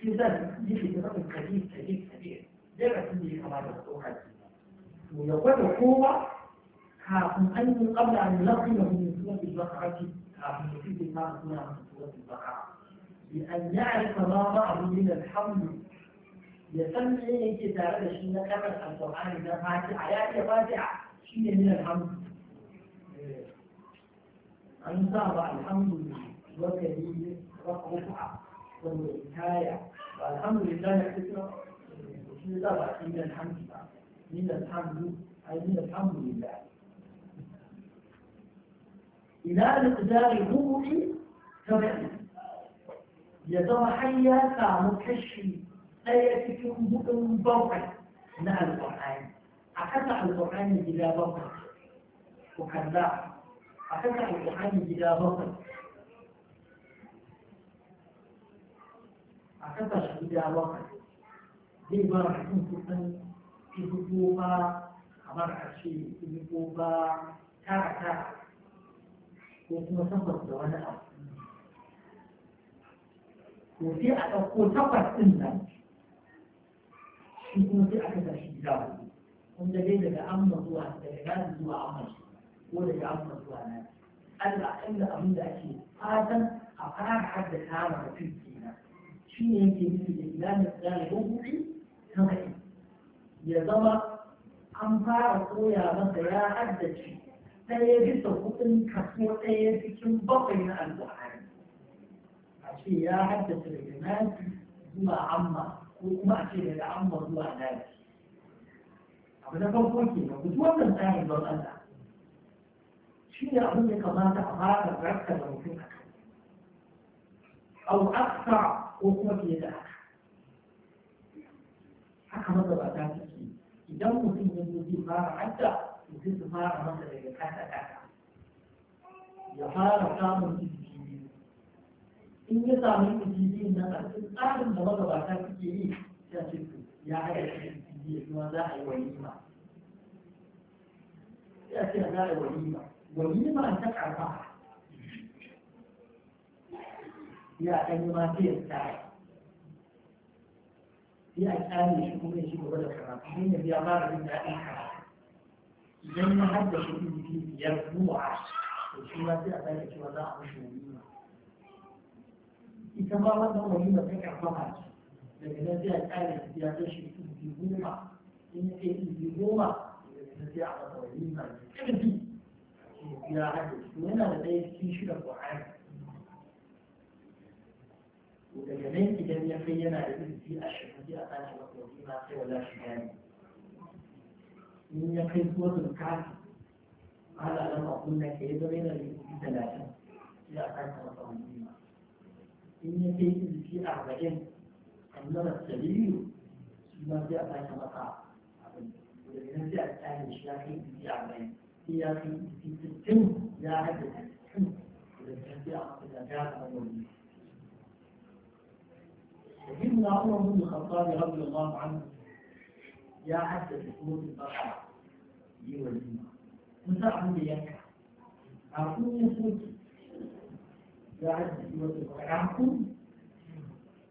shi zan yi hidimamin kabir kabir kabir darasin da ya kamata da ɗaukar to ya gwada kowa kafin an yi ƙabla an lafi na hudu suwa da zuwa kafin kafin ya fi zai suna masu suwa da zuwa لأن يعرف ما معه من الحمد يسمى إيه تعالى شيء كما القرآن ده فاتحة يعني فاتحة شيء من الحمد أن تضع الحمد لله وكبير والرفعة والوكاية فالحمد لله كثيرا وشيء تبع من الحمد من الحمد أي من الحمد لله إلى مقدار ربع سبع يتوحيا كمكشي أي تكون بكم بوعي من القرآن أقطع القرآن إلى بوعي وكذا أقطع القرآن إلى بوعي أكبر إذا وقع دي ما راح يكون في الفن في حقوقة ما راح شيء في حقوقة كارا كارا وفي مصدر دولة وفي أقول تقر إنا شيء وفي أكبر شيء إذا وقع هم دليل لأمن الله دليل لأمن الله ولا يعمل الله ألا إلا أمن الأكيد هذا أقرار حد كامل في shi ne yake nufi da islamin tsari rubuci kamar ya zama an fara koya masa ya haddace ɗaya bisa kuɗin kaso ɗaya cikin bakwai na alƙur'ani a ce ya haddace daga nasi zuwa amma ko kuma a ce daga amma zuwa nasi abu na farko ke nan guji wannan tsarin don Allah shi ne abin da kamata a fara rarka da mutum a kan au aksa 过去嘛，毕业他可能做老百姓，你讲我今年自己发了工资，自己是发了那个开开干啥？有啥要干的？你自己，今年咱们自己能百分之三十左右的百分之几，再去补贴，还有补贴，是吧？咱还文艺嘛？这现在还文艺嘛？文艺嘛，你干啥？sai a ɗan ma sai ya tsaya sai a tsare shi kuma ya ci gaba da karatu shi ne biya mara jin daɗin karatu idan ya haddace ilimi biyar zuwa to shi ma sai a sake cewa za a mashi walima ita ma wannan walima ta karfafa ce daga nan sai a tsare ya kashe ilimi goma in ya kai ilimi goma daga nan sai a masa walima ne kirki ya haddace yana da ɗaya cikin shirin ƙwa'ani وكمان إذا يخينا عليه في الشهادة أنا مطلوب ما ولا شهادة يعني. من يقين سورة الكعب على لم أقول لك إيه، إذا بين الثلاثة إلى أن تطلبين إن يقين في أربعين أنما السبيل ما جاء أن تطلع ولكن جاء الثاني مش في أربعين في يقين في ستين لا عدد ولكن جاء أن تطلع سيدنا عمر بن الخطاب رضي الله عنه يا حتى تكون الفرحة يولينا مساعد ليك عقوم يسوك يا حتى تكون الفرحة عقوم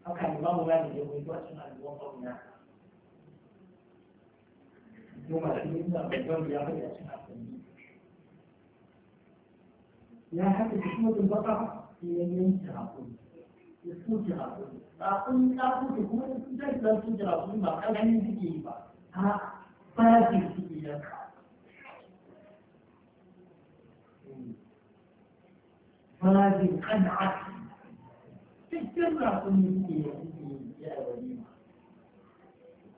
أكا الله لا يجب وقتنا الوطن يوم الحين الرجل يأخذ أشياء يا حتى تكون البقرة هي ينشر عقوم يسوك عقوم ba kun ka kuke kuma kun ta da su jira kun ba kalamin suke yi ba a fasi suke yanka fasi kan'a cikin rakun ne suke yi suke yi a wani ma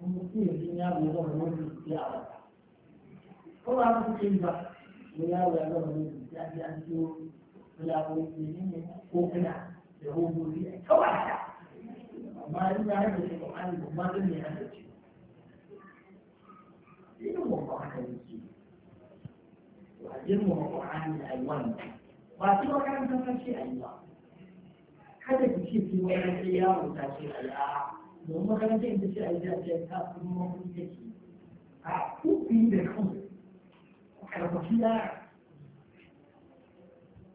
kuma suke yin yaro ya zama wani suke a wata ko ba su suke yi ba ne yaro ya zama wani suke a ji an ciwo fulawoyi ne ko kuna da hobo ne a kawai amma in na haka ce ƙwa'ani ba ma zan ne haka ce irin wa ba haka yake wa girma wa ƙwa'ani a yi wannan ba su makarantar sashi a yi ba kada ki ce ki makarantar yawon sashi a yi a'a domin makarantar inda ce a yi da ce ta fi mafi take a kuɗi da kan karfafi yara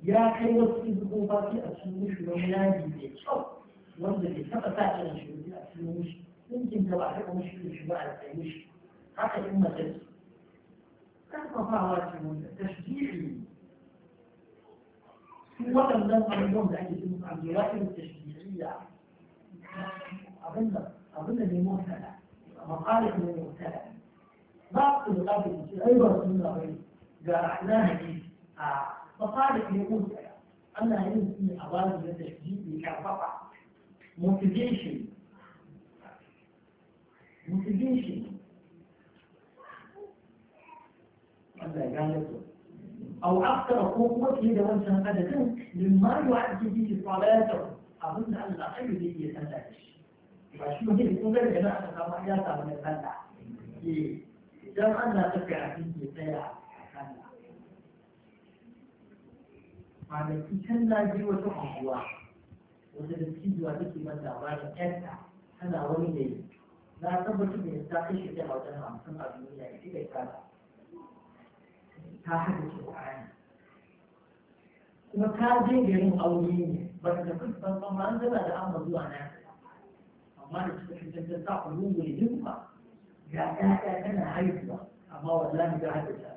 ya kai wasu izu ko ba a cikin mushi wani yaji mai kyau wanda bai taɓa sa irin shi a cikin mishi ɗinkin da ba a taɓa mishi da shi ba a tsaye mishi haka in mace ce karfafawa ce wanda tashjiri su waɗannan abubuwan da ake cin abubuwan tashjiriya abinda abinda ne mutala maƙalif ne mutala ba ku da ƙafi ce ai ba su nuna bai ga na hadisi a maƙalif ne mutala Allah ya yi a bayan da tashjiri karfafa motivation motivation wanda ya أو أكثر قوة إذا وانت هذا لما يعد في صلاته أظن أن الأقل به يتنتج فشو هي الأولى لجماعة الخمريات من الفنة إيه. إذا أنا تفع فيه سيع فنة معنى كي كان لا جيوة حقوة وسبب كيدو عليك مدى عبارة كاسع أنا أولي لي لا تبقى كيدو نستاقي شو تي عودان عم سمع بمينا كيدو يتابع تاحد شو عاني مكان دين جرم أوليني بس نفس بس ما عندنا لا أما دو أنا أما نفس كيدو نستاقي شو تي عودان عم سمع بمينا كيدو يتابع تاحد شو عاني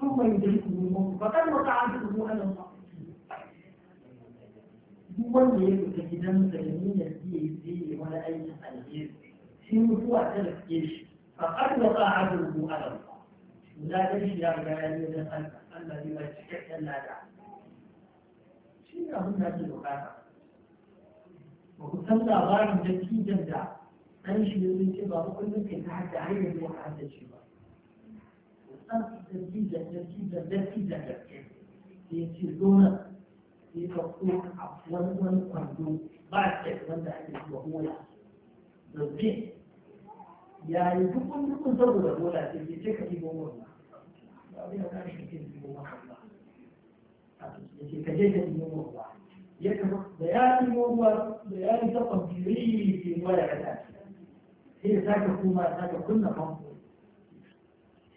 ثم يدركه الموت فقد وقع ذكره على الله duk wanda ya fita gidan da niyyar zai اي wani aikin alheri sai mutuwa ta فقد وقع عدوه على الله ولا تمشي يا رجال من خلفك الذي لا يشكك الا دعا شنو هم هذه الوقافه وكتبنا غاية نتيجة دعا أنشي يريد كبار كل يمكن تحت عين الوقت عند الشباب an dattijan dattijan dattijan gaske sai ya ce zo nan a wani wani kwando ba ce wanda ake zuwa mola da ya yi dukkan dukkan saboda sai ce ka ɗibo ba zai kashi ke ba ya ce ka je ka ya kama da ya da ya yi ke ka ta ce. sai ya sake koma ya sake kunna famfo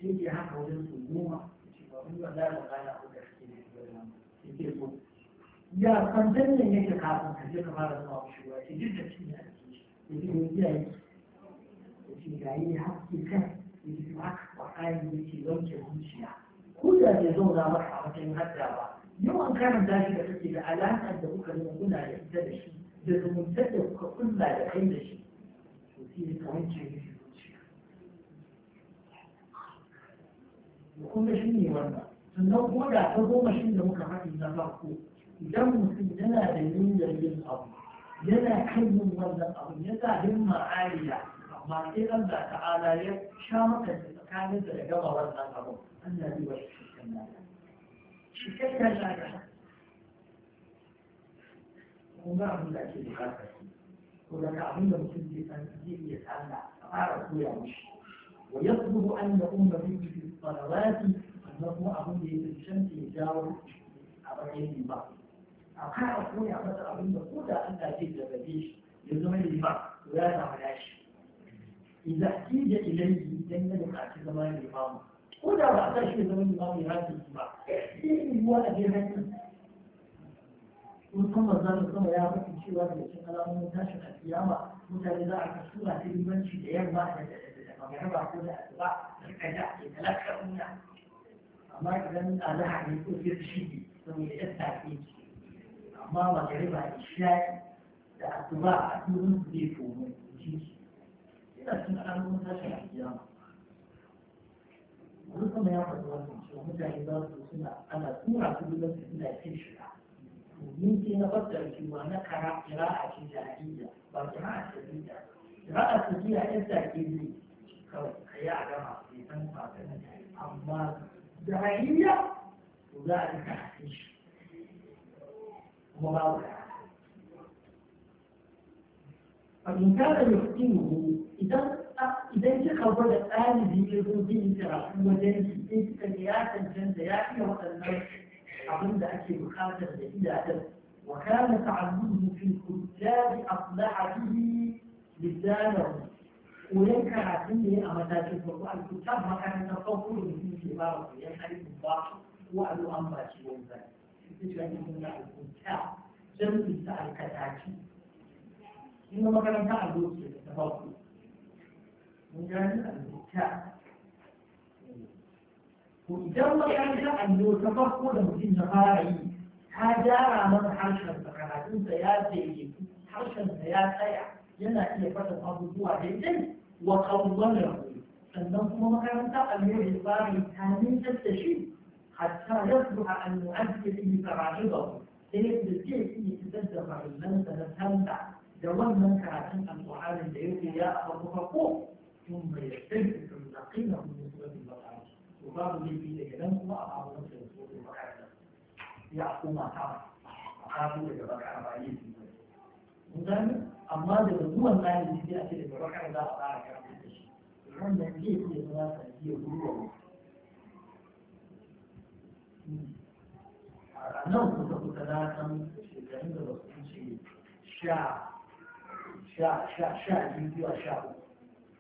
sai ke haka wajen su goma ce ba wani wanda ya magana ko da suke ne ke so ya san dannan yake kafin ka je ka fara zuwa shi wa ce duk da shi ne a ciki ya ce ne ya yi ya ce ga yi ke kan ke ce ba ka kwakari ya ce wanke zuciya ko da bai zauna maka a wajen hadda ba yawan karanta shi da kake da alaƙar da kuka nuna kuna da ita da shi da zumuntar da kuka kulla da kai da shi to sai ka wanke kun ga shi ne wannan sannan ko da ta goma shi da muka haɗi na farko idan mutum yana da niyyar yin abu yana kan yin wannan abu yana yin ma'ariya amma sai Allah ta'ala ya sha maka tsakanin da gama wannan abu Allah zai wasu cikin lada cikakken lada kun ga abin da ake bukatar ko daga abin da mutum zai iya tsalla a fara koya mishi ويطلب أن يقوم به في الصلوات أنه الشمس للشمس يجاور أبعين بعض أقع أقول يا مثلا أبن بقول أن أجد بديش يزمن البعض ولا تعملاش إذا احتيج إليه لن يقع في زمان الإمام ولا بعتش في زمان الإمام هذا الإمام إيه هو أجهد musamman za ثم sama ya faɗi cewa da cikin alamomin tashin alkiyama mutane za في kasu a limanci da yamma da وبيعملوا عقود اتباع يبقى لا يتلكؤون amma idan ana haɗe ko girshi saboda ya tafi amma magariba isha'i da asuba a turin su zai tomo jiki ina cin alamun tashin alkiyama wani kuma ya faɗi wannan cewa mutane za su suna ana tura su gidan su suna cin shiga domin sai na fassara cewa na kara kira'a ce jahiliya ba kira'a ce jahiliya kira'a ce jahiliya ƴan take zai kawai a yi a gama sai san sakon amma jahiliya to za a rika hafi shi kuma babu da فمن كان يحكمه إذا إذا انتخب الآن بيجو بيجرا وجن إنتقيات الجنزيات وقلنا أظن ذلك بخاطر الإدارة وكان تعلمه في الكتاب أصلح به لسانه koyon karatu ne a matakin farko a kuta makarantar farko da mutum ke ba wa koyon aikin ba ko a zo an ba shi wani zai ita ce wani mun na alkuta don su ta alkataci in ga makaranta a zo ce ta farko mun gani alkuta ko idan makaranta allo ta farko da mutum ya fara yi ta gyara masa harshen karatunsa ya daidaitu harshensa ya tsaya yana iya fatan abubuwa daidai وقوله أنه مكان تأمير إقبال ثاني التشيء حتى يصبح أن يؤدي به فرائضه سيجد كيف يتصدق عن من سنتمتع دوام من كان القرآن الذي يا أبو فقوه ثم يستجد ثم يقينه من سورة البقرة وبعض الذي يتكلم هو أبو نفسه سورة البقرة يعقوب ما تعرف أخاف لك بقرة بعيد gane amma daga zuwan layin sai ake da baraka za a fara karatu da shi wannan zai iya zama sanadiyar ruwa a nan kusa kusa na san shekarun da ba su wuce sha sha sha sha biyu zuwa sha uku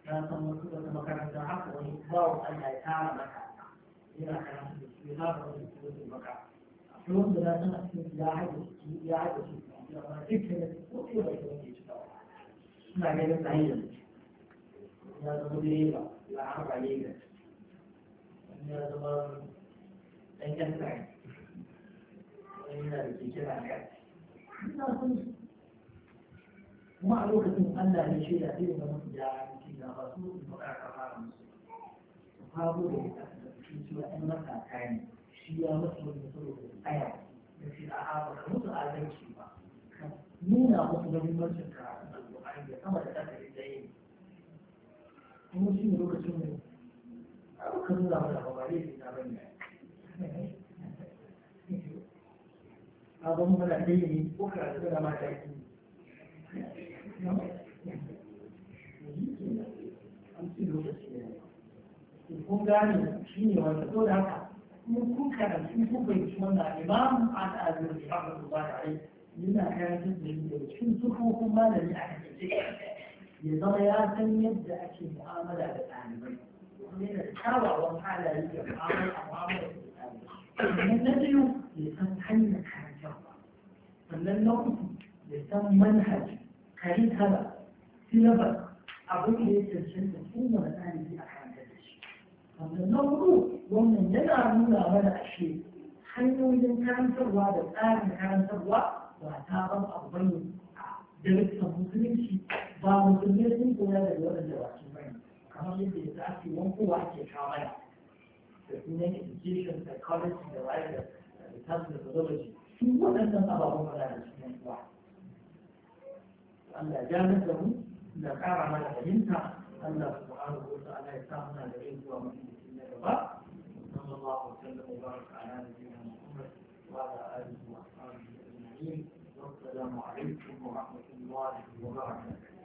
na san wasu wata makarantar haka wani bawa Allah ya tara maka yana karatu da su ya zaba wani su wata maka a wanda na san a cikin ya haɗa su suna ganin tsayin ya zama direba ba a haɓa lega wani ya zama ɗan yan tsaye wani yana da keke na kai ina sun kuma a lokacin Allah ne shi da irin wani su da ke da ba su su ba ka fara musu su fago da ya kasa da su cewa ɗan matasa ne shi ya musu wani saboda tsaya da shi a haɓa musu adalci nuna musu muhimmancin karatun alƙur'ani da sama da ɗaka da yi kuma shi ne lokacin mu abu ka nuna mana ba ba zai ta ba ne abin mana ɗaya ne ko da mata ki an ci lokaci ne kun gane shi ne wanda ko da haka mun kun karatu kun fahimci wannan imam an ta'azir ya faɗa da ba da aiki yana karatun da yi daga cikin sufofin malami a kasance ya zama ya san yadda ake mu'amala da ɗalibai kuma yana da kyawawan halaye da mu'amala a mu'amala da ɗalibai na biyu ya san hanyar karantarwa sannan na uku ya san manhaji karikala silabas abin da ya cancanta kowane ɗalibi a karantar da shi sannan na hudu wannan yana nuna mana ashe hanyoyin karantarwa da tsarin karantarwa ba sabon abu bane da rikta musulunci ba musulmai sun koya daga waɗanda ba su bane kamar yadda ya zafi wankowa ake kamala da sunan education psychology da wayar da littafin da zoology su waɗannan ababen ba da su ne kuwa Allah ya nasa mu da ƙara mana fahimta Allah subhanahu wa ta'ala ya sa muna da yin zuwa mutum da ba sallallahu alaihi wa sallam wa baraka ala nabiyyina Muhammad wa ala alihi الرحيم والسلام عليكم ورحمة الله وبركاته